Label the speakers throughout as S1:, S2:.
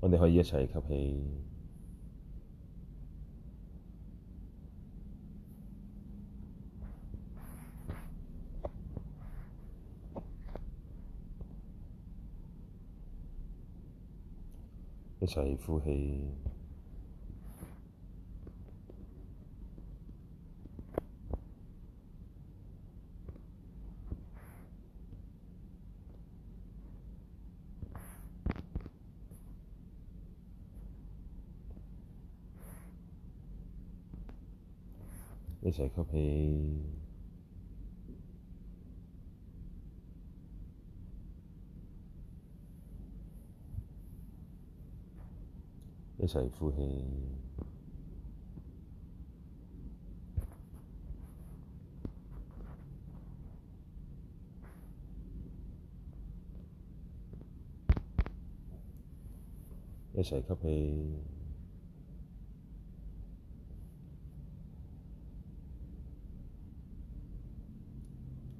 S1: 我哋可以一齊吸氣，一齊呼氣。一齊吸氣，一齊呼氣，一齊吸氣。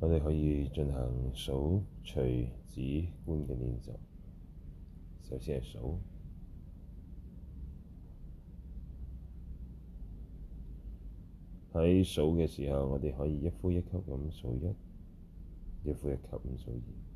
S1: 我哋可以進行數隨止觀嘅練習。首先係數，喺數嘅時候，我哋可以一呼一吸咁數一，一呼一吸咁數二。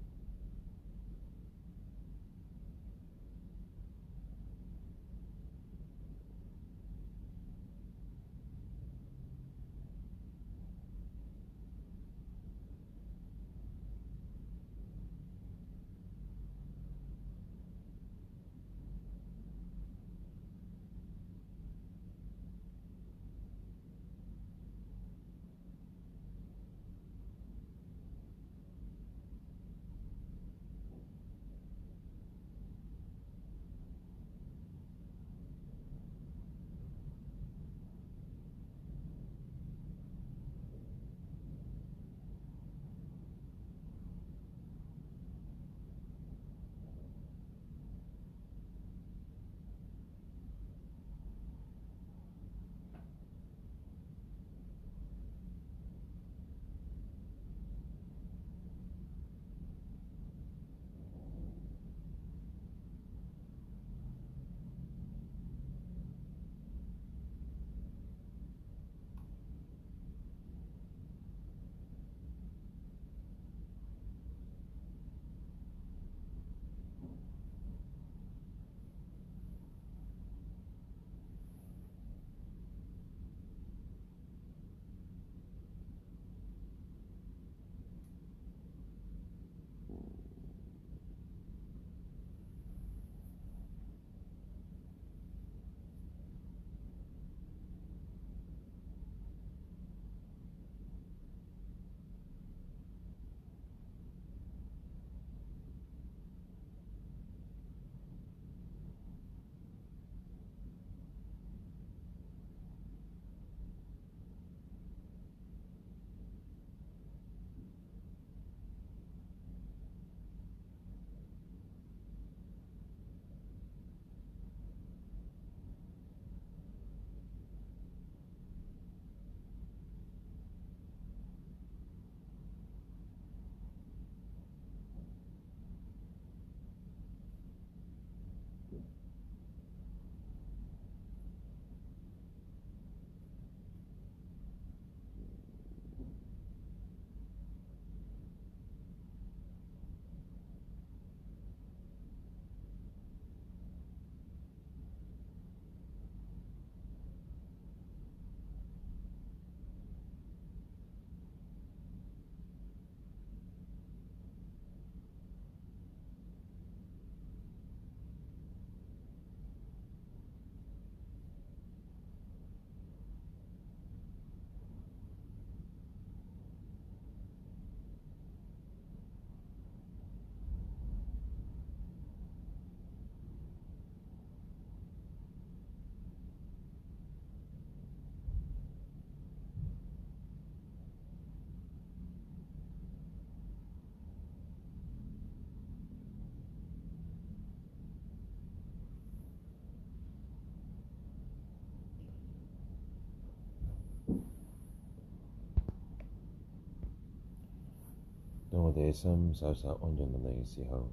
S1: 你哋心稍稍安靜落嚟嘅時候，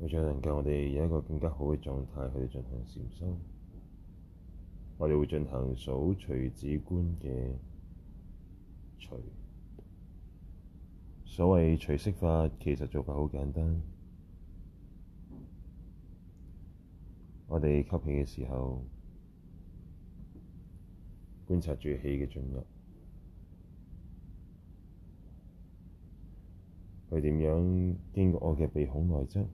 S1: 為咗能夠我哋有一個更加好嘅狀態去進行禪修，我哋會進行數隨止觀嘅隨。所謂隨息法，其實做法好簡單。我哋吸氣嘅時候，觀察住氣嘅進入。佢點樣經過我嘅鼻孔內側？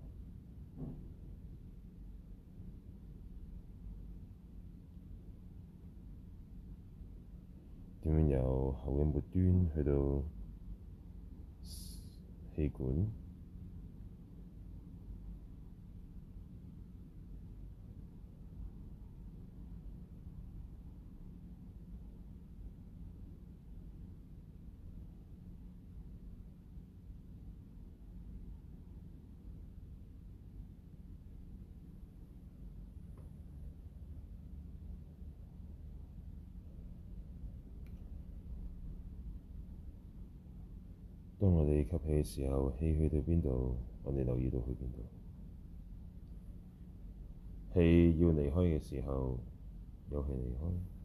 S1: 點樣由喉嚨末端去到氣管？當我哋吸氣嘅時候，氣去到邊度，我哋留意到去邊度。氣要離開嘅時候，有氣離開。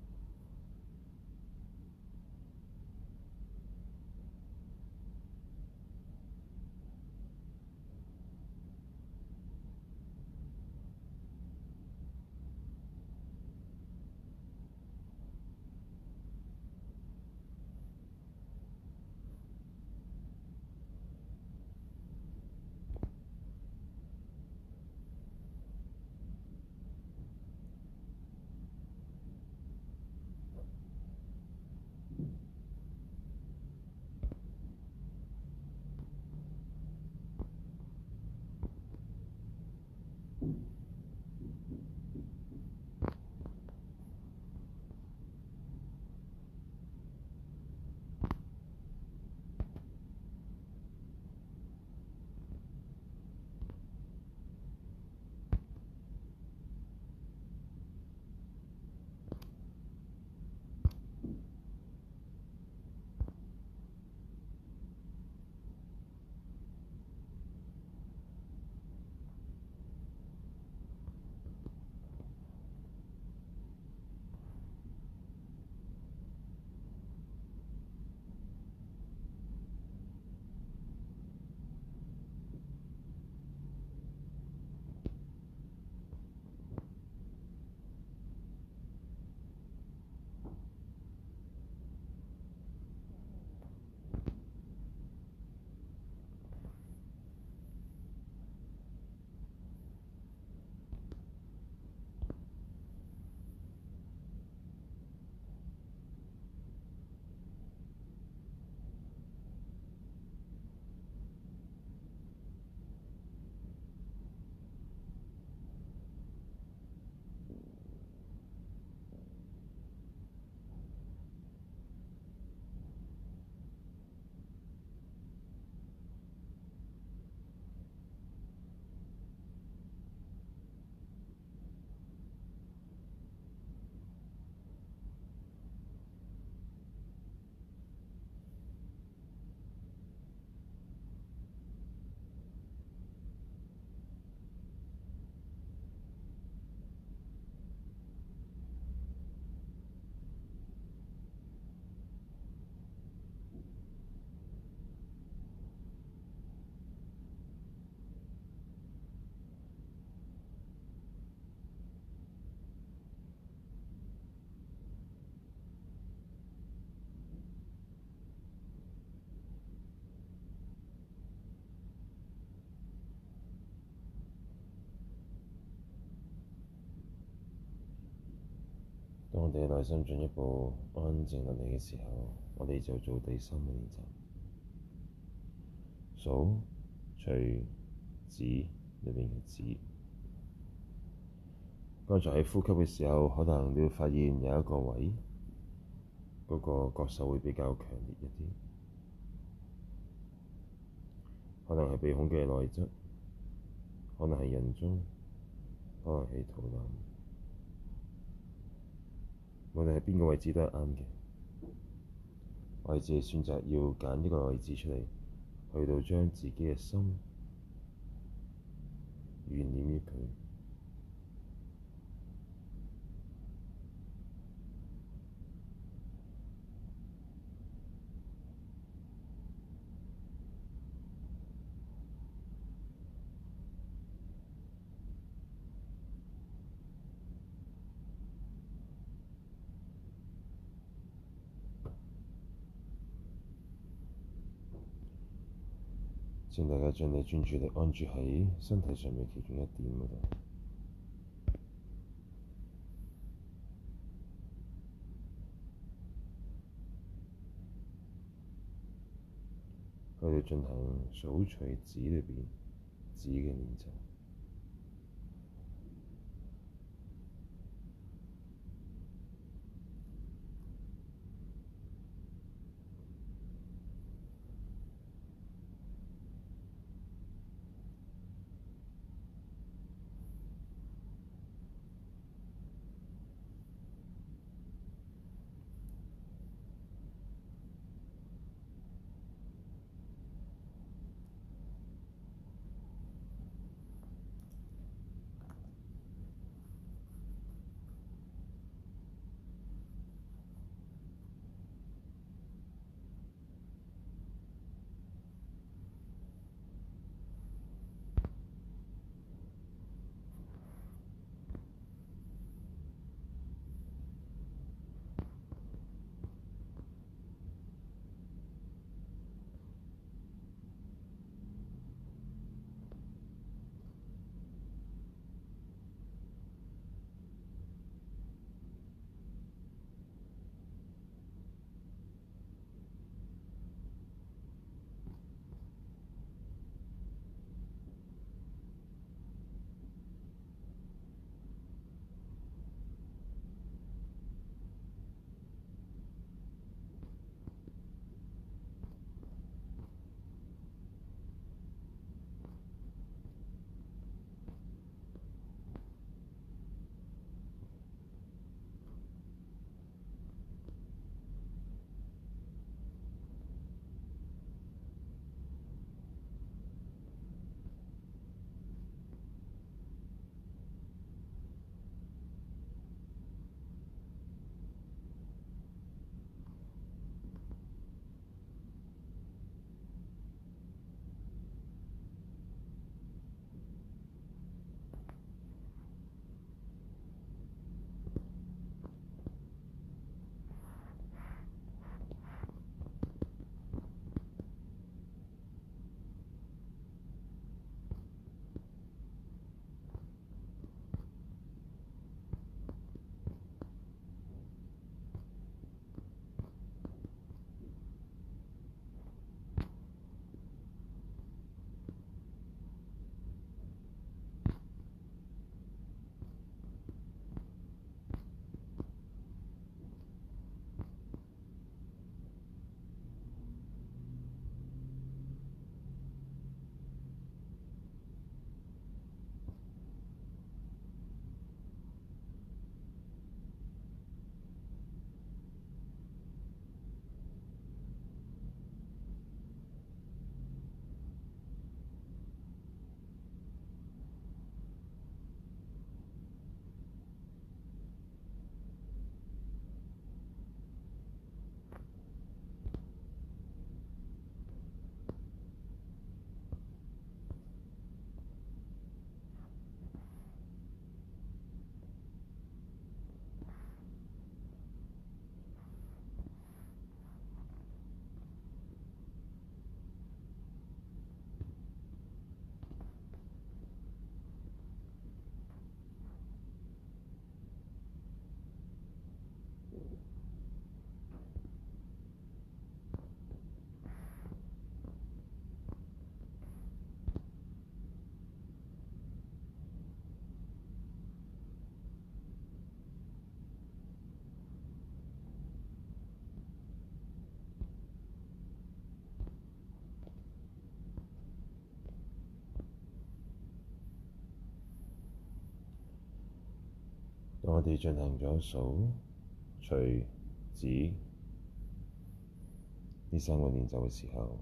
S1: 當我哋內心進一步安靜落嚟嘅時候，我哋就做第三個練習：數、隨、止裏面嘅止。剛才喺呼吸嘅時候，可能你會發現有一個位，嗰、那個覺受會比較強烈一啲，可能係鼻孔嘅內側，可能係人中，可能係肚腩。無論喺邊個位置都係啱嘅，我哋自己選擇要揀一個位置出嚟，去到將自己嘅心緣念於佢。大家將你專注力安住喺身體上面其中一點嗰度，我哋進行數除子裏邊子嘅練習。我哋進行咗數、隨、止呢三個練習嘅時候，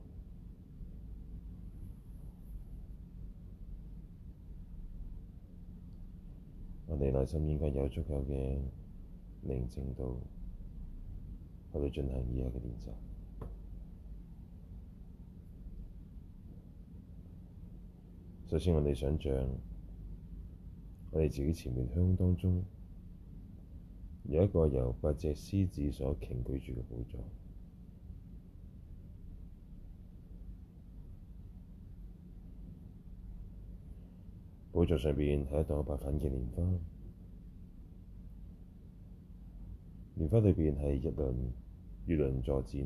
S1: 我哋內心應該有足夠嘅寧靜度，我哋進行以下嘅練習。首先，我哋想像我哋自己前面天空當中。有一個由八隻獅子所擎舉住嘅寶座，寶座上面係一朵白粉嘅蓮花，蓮花裏面係一輪月輪坐戰。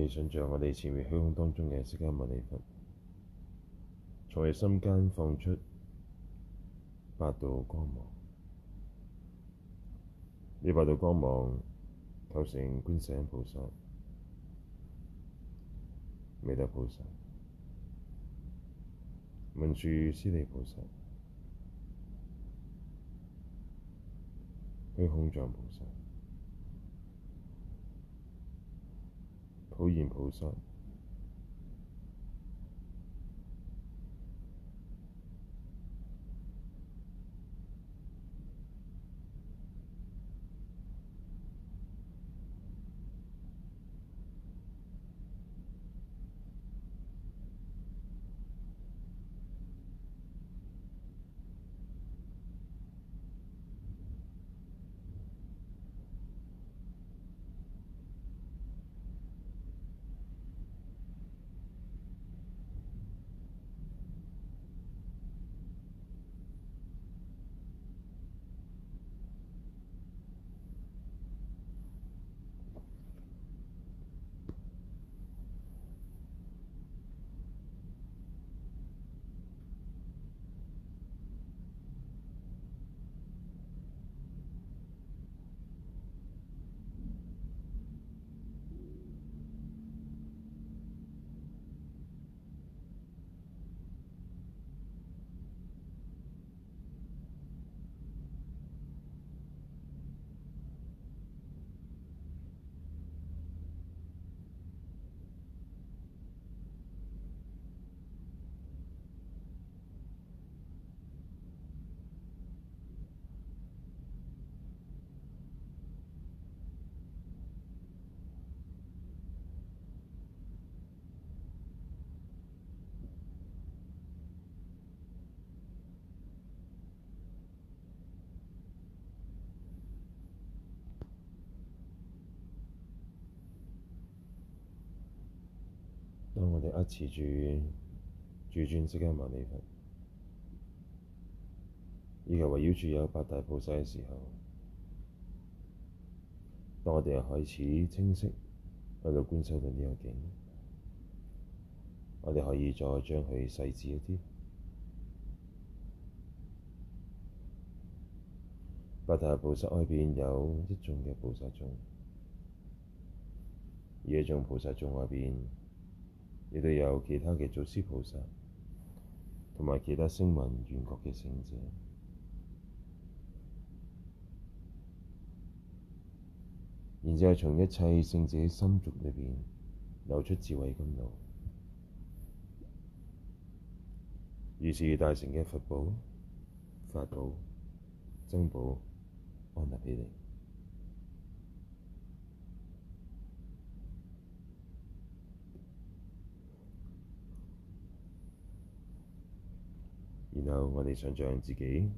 S1: 你想象我哋前面虛空當中嘅釋迦牟尼佛，從你心間放出八道光芒，呢八道光芒構成觀世音菩薩、彌勒菩薩、文殊師利菩薩、虛空藏菩薩。普賢菩薩。當我哋握持住住轉色嘅萬理佛，以及圍繞住有八大菩薩嘅時候，當我哋開始清晰去到觀修到呢個景，我哋可以再將佢細緻一啲。八大菩薩外邊有一眾嘅菩薩眾，而一眾菩薩眾外邊，亦都有其他嘅祖師菩薩，同埋其他聲聞緣覺嘅聖者，然之後從一切聖者心族裏邊流出智慧甘露，於是大成嘅佛寶、法寶、僧寶安達俾你。然後我哋想像自己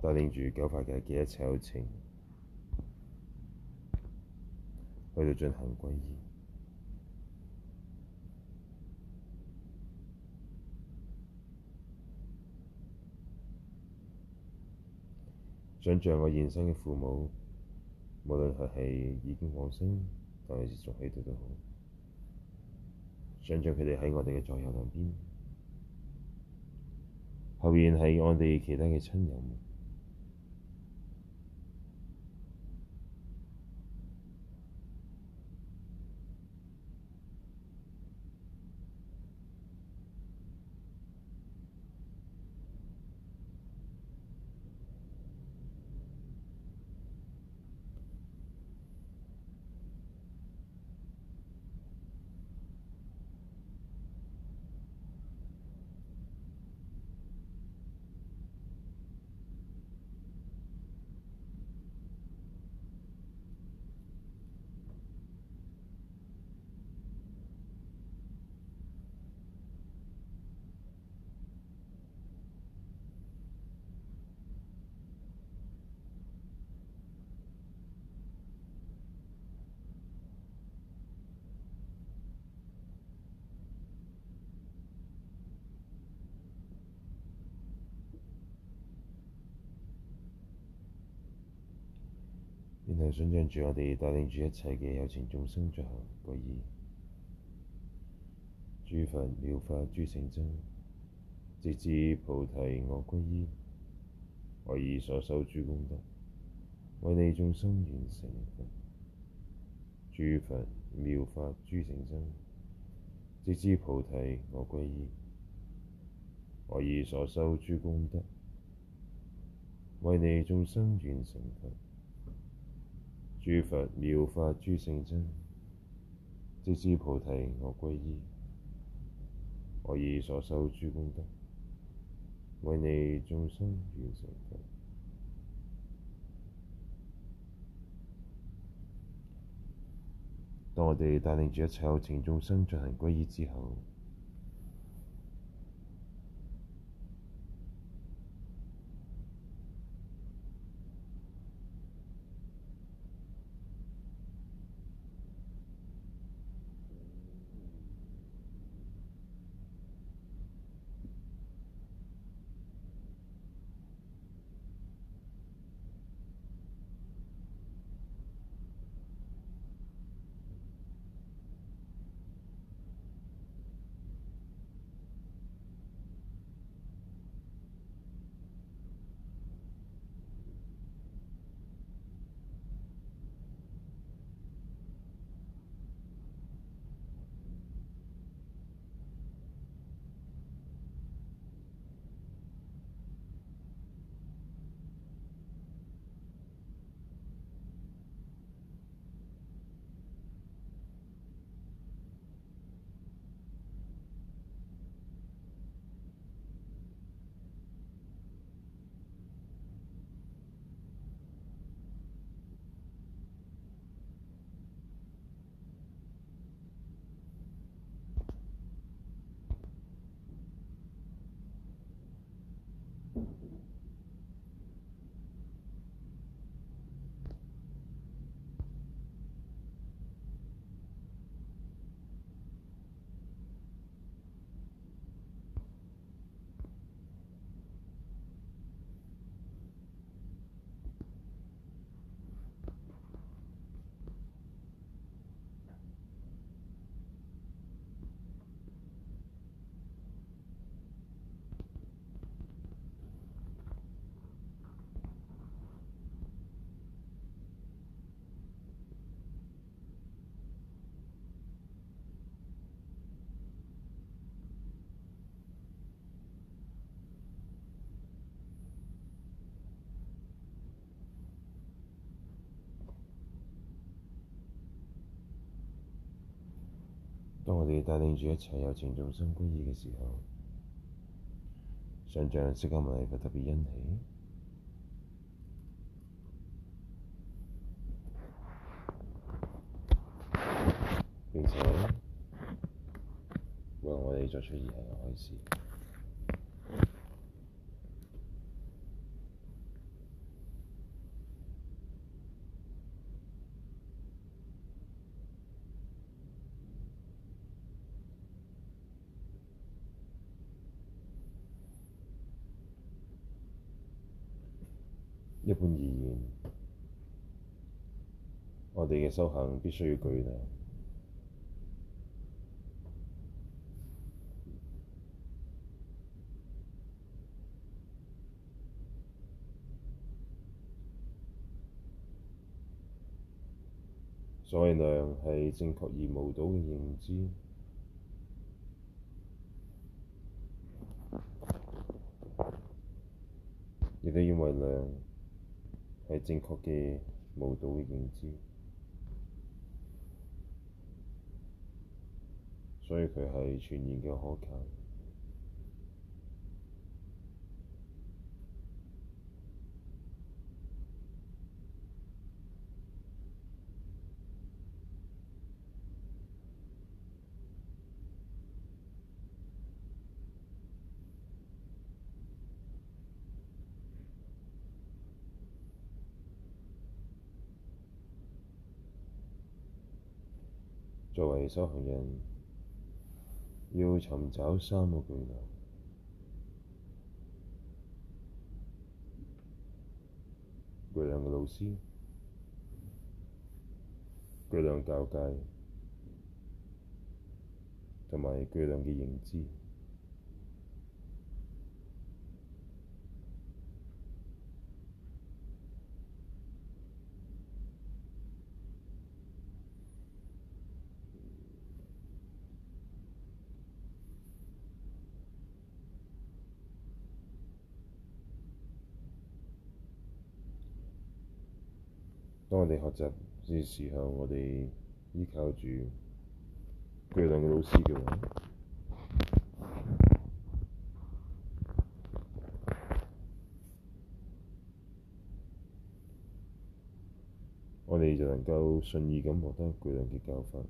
S1: 帶領住九塊界嘅一切友情，去到進行皈依。想像我現生嘅父母，無論佢係已經往生，但係仲喺度都好。想像佢哋喺我哋嘅左右兩邊。後邊係我哋其他嘅親友們。想象住我哋帶領住一切嘅有情眾生進行歸依，諸佛妙法諸聖僧，直至菩提我歸依，我以所修諸功德，為你眾生完成。諸佛妙法諸聖僧，直至菩提我歸依，我以所修諸功德，為你眾生完成佛。諸佛妙法諸聖真，直至菩提我歸依。我以所修諸功德，為你眾生完成佛。當我哋帶領住一切有情眾生進行歸依之後，當我哋帶領住一切有情眾生歸依嘅時候，想像釋迦牟尼嘅特別欣喜，並且為我哋作出熱誠嘅開始。一般而言，我哋嘅修行必須要具量。所謂量係正確而無倒嘅認知，亦都要為量。係正確嘅舞蹈嘅認知，所以佢係全然嘅可靠。迷失行人要尋找三個具量、具量嘅老師、具量教界，同埋具量嘅認知。我哋學習嘅時候，我哋依靠住具量嘅老師嘅話，我哋就能夠順意咁獲得具量嘅教訓。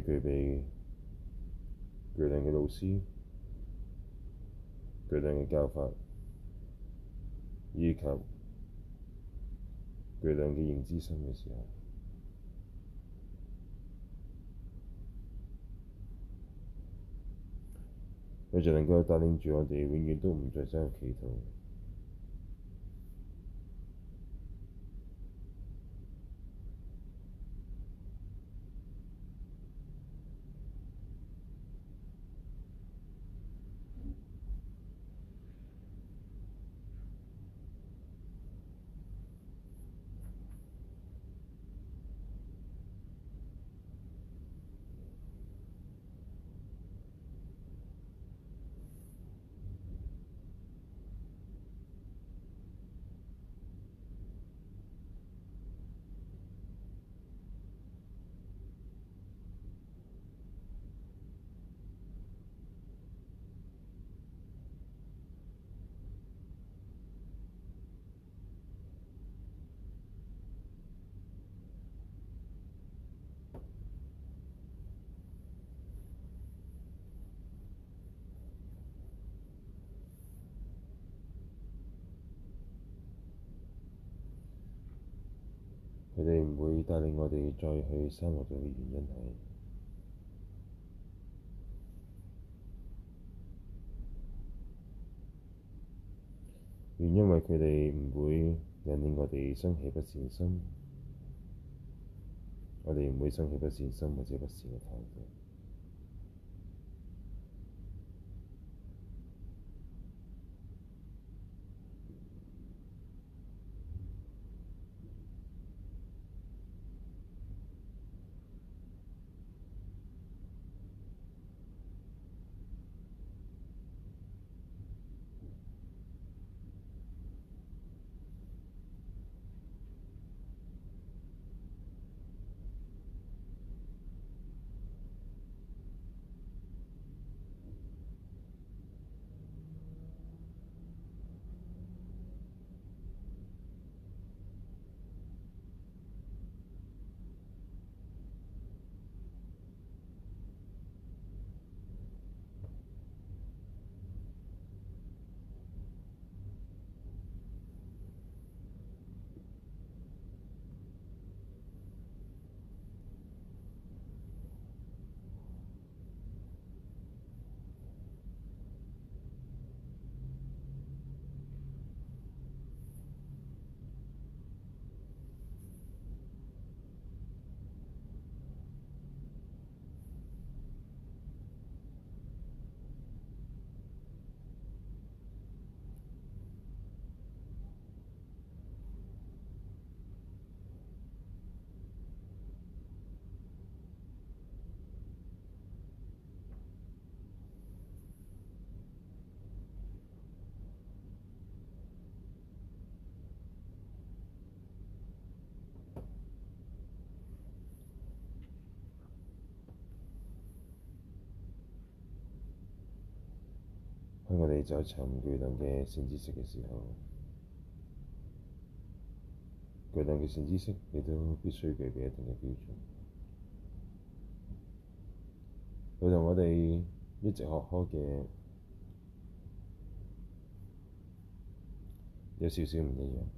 S1: 具備具量嘅老師、具量嘅教法，以及具量嘅認知心嘅時候，你就能夠帶領住我哋，永遠都唔再進入歧途。帶領我哋再去生活嘅原因係，原因為佢哋唔會引領我哋生起不善心，我哋唔會生起不善心或者不善嘅態度。我哋就係尋具量嘅善知識嘅時候，具量嘅善知識亦都必須具備一定嘅標準，佢同我哋一直學開嘅有少少唔一樣。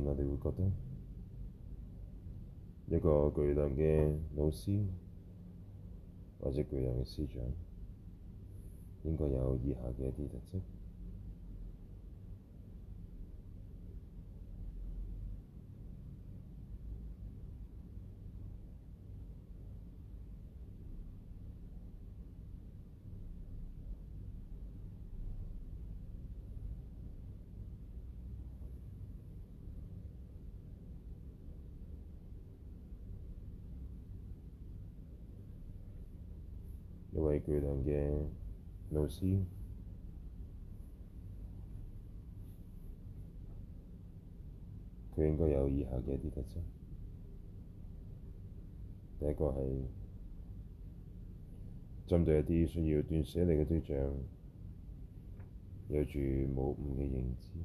S1: 我哋會覺得一個具量嘅老師，或者具量嘅師長，應該有以下嘅一啲特色。老師，佢應該有以下嘅一啲特質。第一個係針對一啲需要斷捨離嘅對象，有住無誤嘅認知。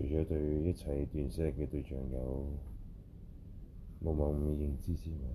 S1: 除咗對一切斷捨嘅對象有冇忘記認知之外，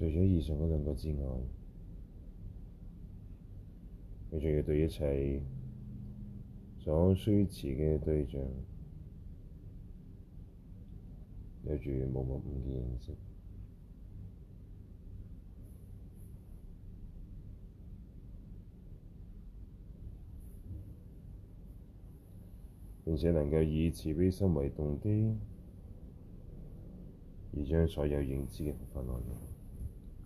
S1: 除咗以上嗰兩個之外，你仲要對一切所需持嘅對象有住冇乜嘅認識，並且能夠以慈悲心為動機，而將所有認知嘅部分內容。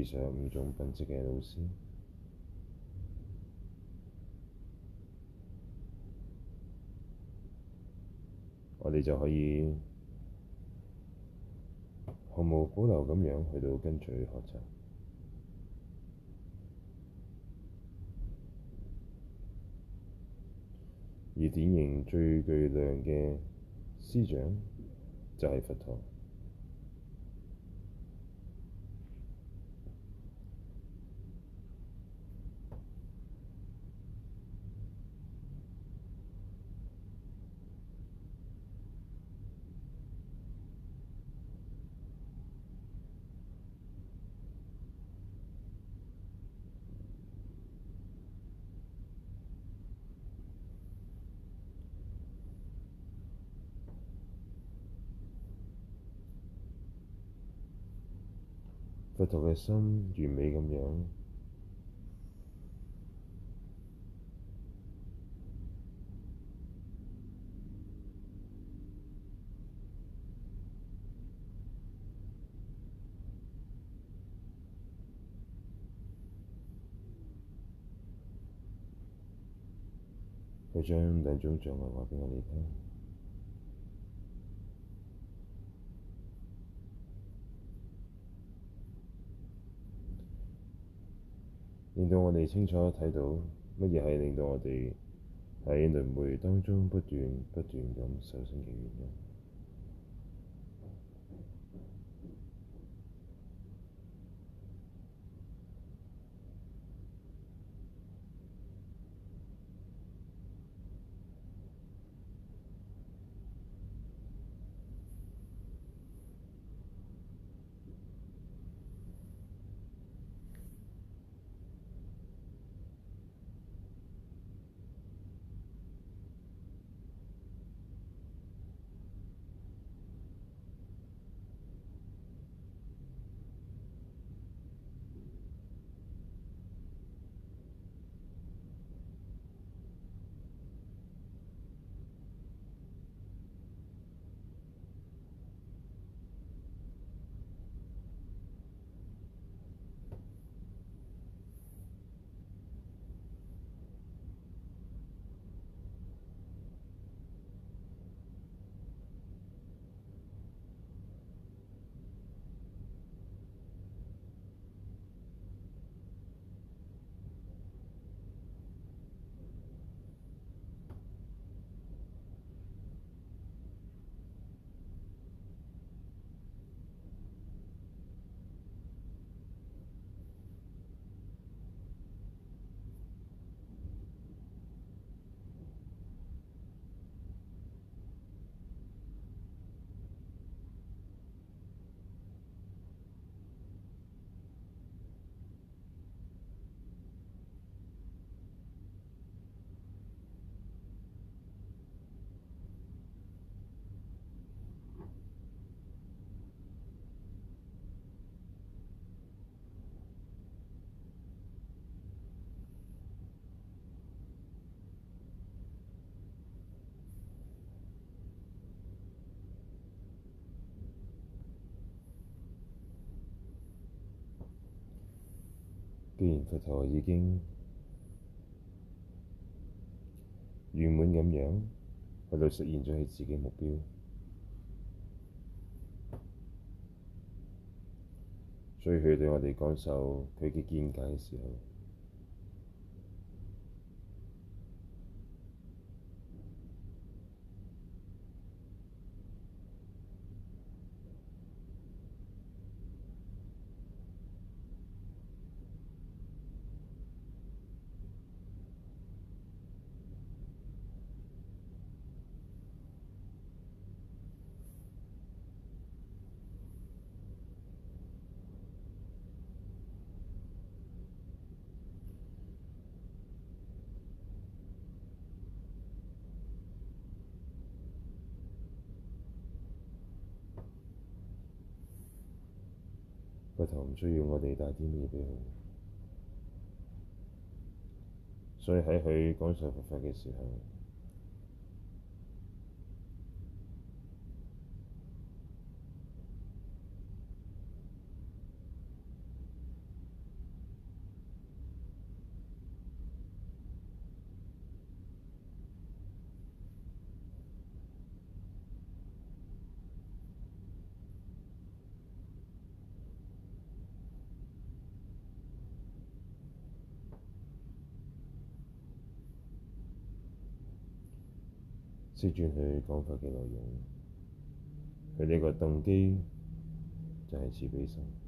S1: 以上五種品質嘅老師，我哋就可以毫無保留咁樣去到跟隨學習。而典型最具量嘅師長就係佛陀。不同嘅心，ism，完美咁樣。佢將 兩種障礙話畀我哋聽。令到，令到我哋清楚睇到乜嘢係令到我哋喺輪迴當中不斷、不斷咁受傷嘅原因。既然佛陀已經完滿咁樣佢都實現咗佢自己嘅目標，所以佢對我哋講授佢嘅見解嘅時候。唔需要我哋帶啲咩畀佢，所以喺佢講授佛法嘅時候，先轉去講法嘅內容，佢呢個動機就係慈悲心。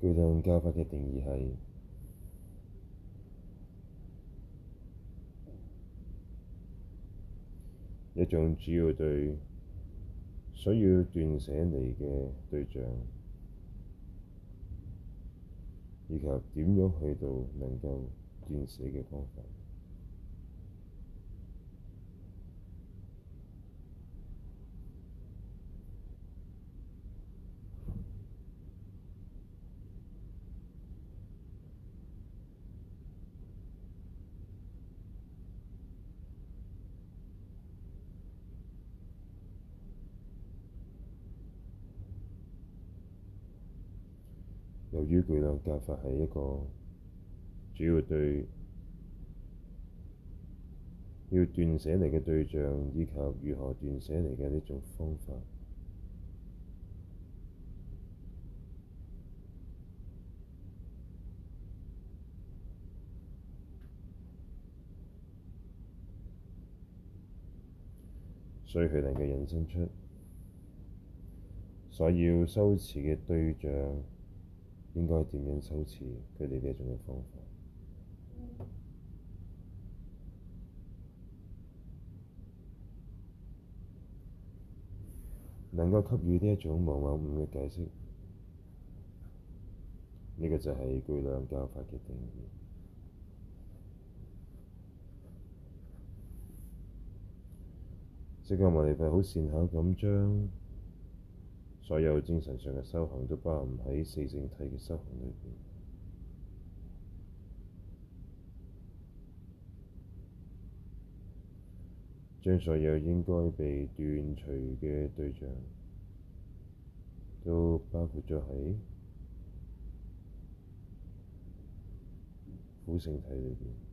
S1: 具量交法嘅定義係一種主要對需要斷捨離嘅對象，以及點樣去到能夠斷捨嘅方法。格法係一個主要對要斷捨離嘅對象，以及如何斷捨離嘅呢種方法，所以佢能夠引申出所要修持嘅對象。應該點樣修持？佢哋呢一種嘅方法，嗯、能夠給予呢一種無謬誤咁嘅解釋，呢、這個就係具量教法嘅定義。釋迦牟尼佛好善口咁將。所有精神上嘅修行都包含喺四聖體嘅修行裏邊，將所有應該被斷除嘅對象都包括咗喺苦聖體裏邊。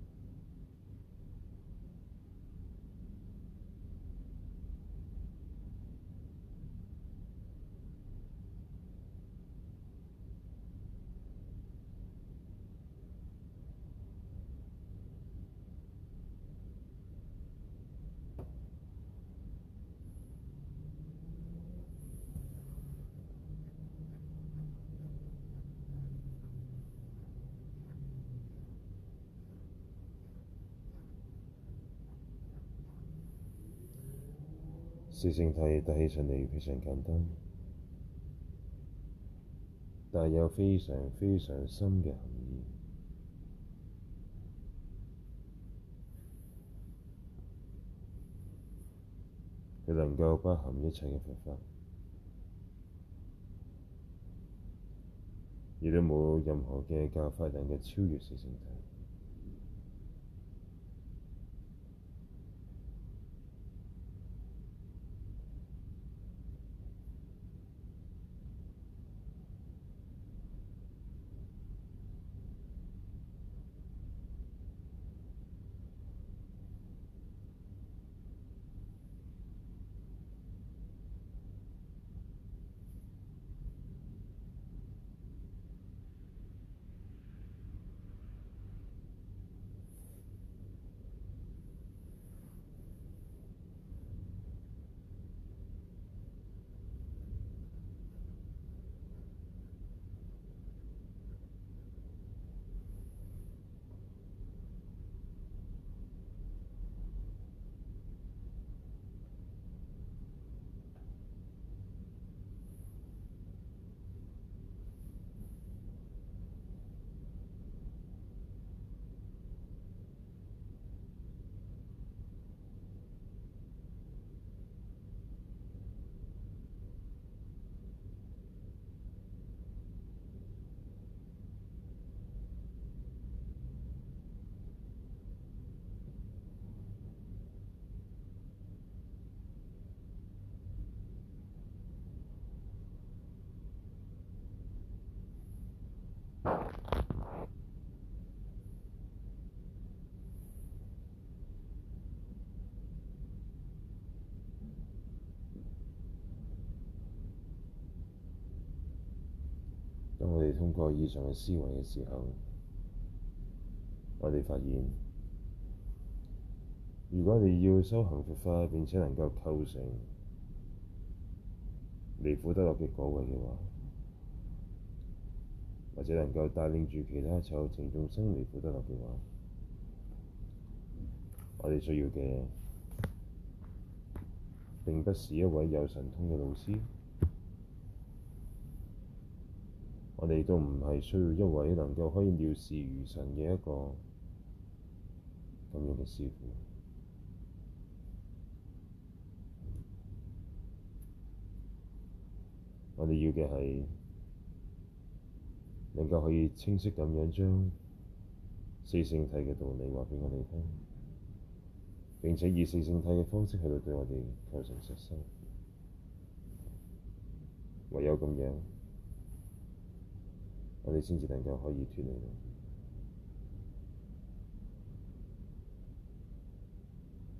S1: 四聖諦睇起上嚟非常簡單，但有非常非常深嘅含義。佢能夠包含一切嘅佛法，而都冇任何嘅教法能夠超越四聖諦。通過以上嘅思維嘅時候，我哋發現，如果你要修行佛法，並且能夠構成離苦得樂嘅果位嘅話，或者能夠帶領住其他有情眾生離苦得樂嘅話，我哋需要嘅並不是一位有神通嘅老師。我哋都唔係需要一位能夠可以料事如神嘅一個咁樣嘅師傅，我哋要嘅係能夠可以清晰咁樣將四聖體嘅道理話畀我哋聽，並且以四聖體嘅方式去到對我哋構成實修，唯有咁樣。我哋先至能夠可以脱離，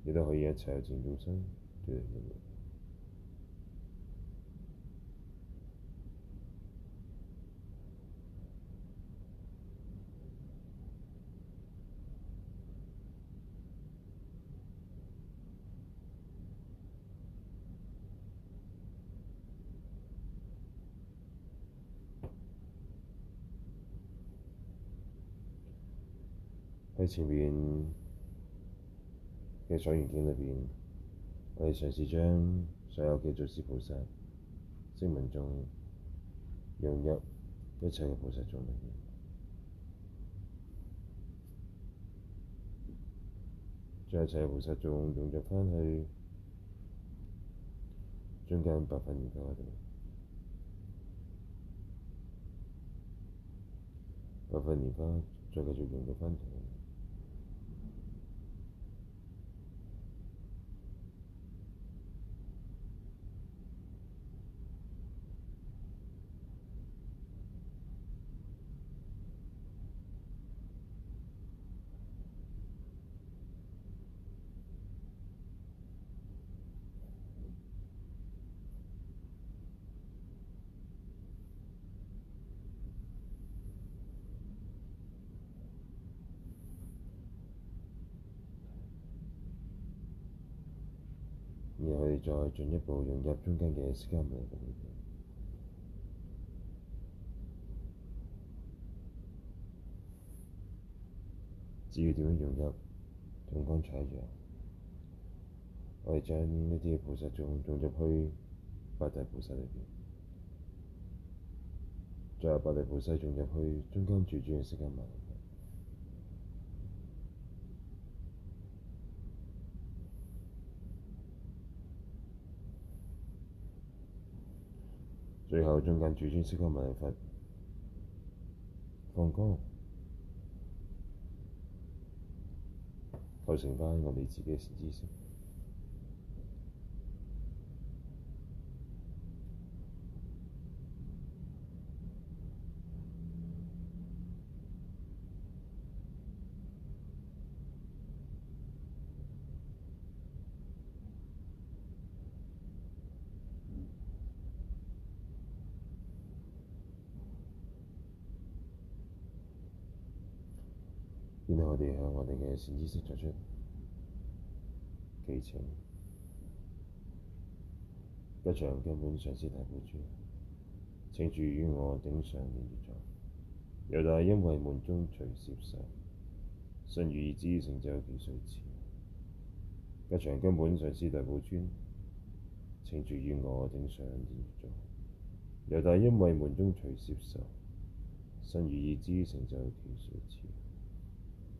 S1: 亦都可以一齊去戰鬥心，脱離。喺前面嘅所緣境裏邊，我哋嘗試將所有嘅祖師菩薩，聲聞眾融入一切嘅菩薩眾嚟，將一切嘅菩薩仲融入翻去中間白粉圓塊度，百分圓塊再繼續用到翻度。再進一步融入中間嘅釋迦牟尼佛，要點樣融入？種瓜採藥，我哋將呢啲嘅菩薩種種入去八大菩薩裏邊，最後八大菩薩種入去中間最主要嘅釋迦牟尼佛。最後，將主尊釋迦牟尼佛，放光，再成返我哋自己嘅知識。我哋向我哋嘅善知識作出祈請，吉祥根本上師大寶尊，請住於我頂上蓮葉座。由大因為門中隨攝受，信如意之成就其所持。吉祥根本上師大寶尊，請住於我頂上蓮葉座。由大因為門中隨攝受，信如意之成就其所持。